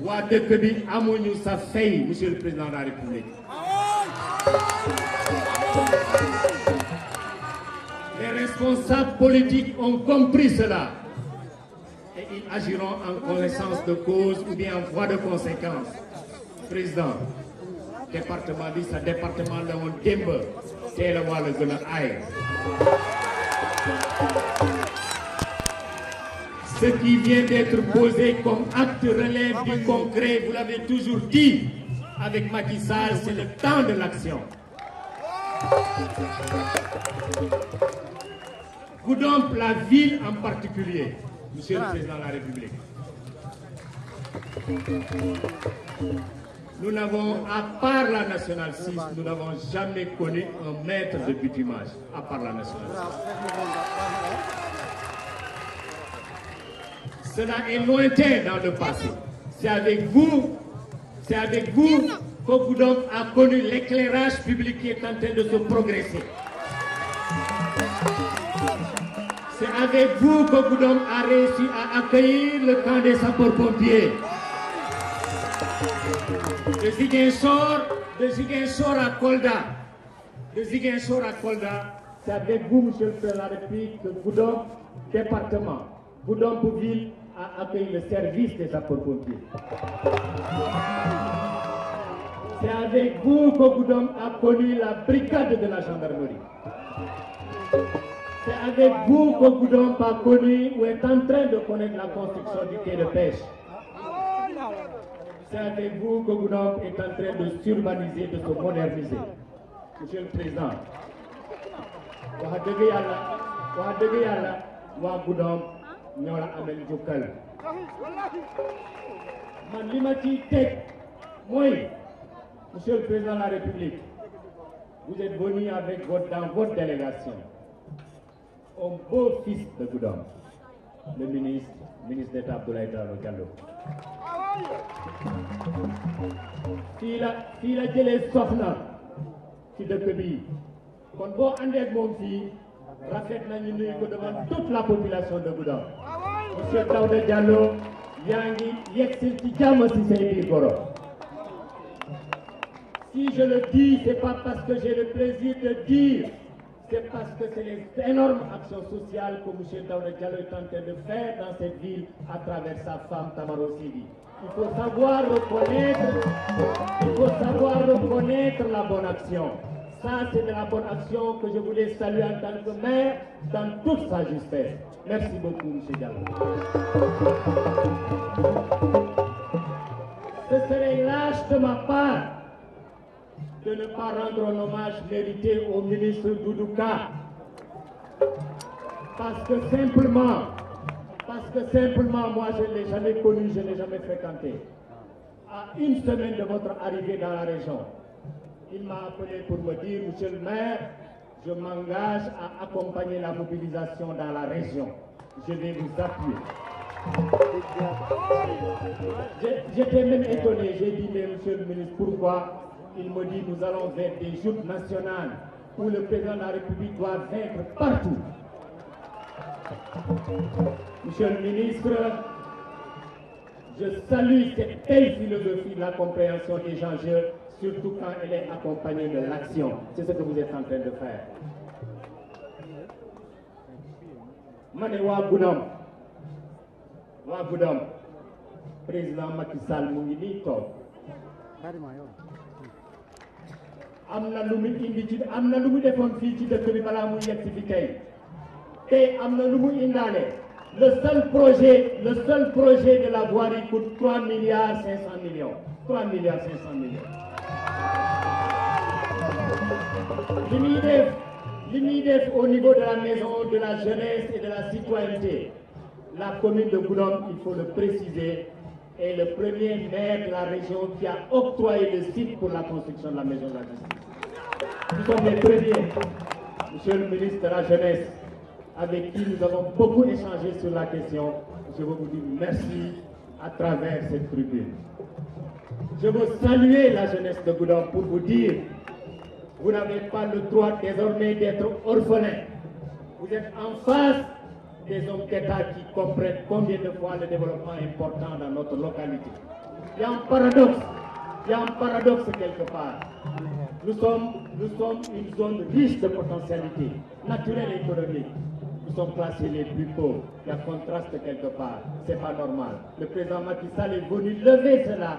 de dëkk sa monsieur le président de la république les responsables politiques ont compris cela et ils agiront en connaissance de cause ou bien en voie de conséquence président département de département de woon c'est le de de la ce qui vient d'être posé comme acte relève du concret, vous l'avez toujours dit, avec Macky c'est le temps de l'action. Vous donc la ville en particulier, Monsieur le Président de la République. Nous n'avons, à part la Nationale 6, nous n'avons jamais connu un maître de putimage à part la Nationale 6. Cela est lointain dans le passé. C'est avec vous, c'est avec vous que a connu l'éclairage public qui est en train de se progresser. C'est avec vous que Goudon a réussi à accueillir le camp des sapeurs-pompiers. De Ziguinchor, à Kolda. c'est avec vous, Monsieur le Président la République, que Goudon, département, goudon ville, a accueilli le service des sapeurs C'est avec vous qu'Ogoudom a connu la brigade de la gendarmerie. C'est avec vous qu'Ogoudom a connu ou est en train de connaître la construction du quai de pêche. C'est avec vous qu'Ogoudom est en train de s'urbaniser, de se moderniser. Monsieur le Président, Wa ñoo la amel jukkal man li ma ciy teg mooy monsieur le président de la république vous êtes venu avec votre dans votre délégation un beau fils de Goudam, le ministre ministre d'État Abdoulaye Daouda Diallo fii la fii la jëlee soxna ci dëkk bi kon boo àndee ak moom fii rafet Nanini que devant toute la population de Bouddha, monsieur Daouda Diallo Yangi, ngi yegsi ci jàmm si si je le dis ce n'est pas parce que j'ai le plaisir de dire c'est parce que c'est une énorme action sociale que monsieur Daouda Diallo est en train de faire dans cette ville à travers sa femme Tamaro Sidi il faut savoir reconnaître il faut savoir reconnaître la bonne action ça, c'est la bonne action que je voulais saluer en tant que maire dans toute sa justesse. Merci beaucoup, M. Diallo. Ce serait lâche de ma part de ne pas rendre un hommage mérité au ministre Doudouka. Parce que simplement, parce que simplement, moi, je ne l'ai jamais connu, je ne l'ai jamais fréquenté. À une semaine de votre arrivée dans la région, il m'a appelé pour me dire, Monsieur le maire, je m'engage à accompagner la mobilisation dans la région. Je vais vous appuyer. J'étais même étonné, j'ai dit, mais Monsieur le ministre, pourquoi Il me dit, nous allons vers des joutes nationales où le président de la République doit vaincre partout. Monsieur le ministre, je salue cette belle philosophie de la compréhension des enjeux surtout quand elle est accompagnée de l'action. C'est ce que vous êtes en train de faire. Mane wa waa Wa waa président Macky Sall mu ngi nii toog am na lu mu indi ci amna lu mu defoon fii ci dëkk bi bala mu yett fi tey tey amna lu mu indaale le seul projet le seul projet de la voirie coûte 3 milliards 500 millions 3 milliards 500 millions li au niveau de la maison de la jeunesse et de la citoyenneté la commune de Boulogne, il faut le préciser est le premier maire de la région qui a octroyé le site pour la construction de la maison de la justice. Nous sommes les premiers, monsieur le ministre de la Jeunesse, avec qui nous avons beaucoup échangé sur la question. Je vous dis merci à travers cette tribune. Je veux saluer la jeunesse de Goudan pour vous dire, vous n'avez pas le droit désormais d'être orphelin. Vous êtes en face des hommes qui comprennent combien de fois le développement est important dans notre localité. Il y a un paradoxe, il y paradoxe quelque part. Nous sommes, nous sommes une zone riche de potentialités naturelles et économique. Nous sommes classés les plus pauvres. Il y a contraste quelque part. C'est pas normal. Le président Matissal est venu lever cela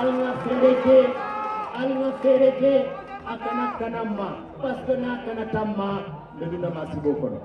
alina fereke alina fereke a kana kana ma parce que n'a kana taa ma le bɛna masibo kɔnɔ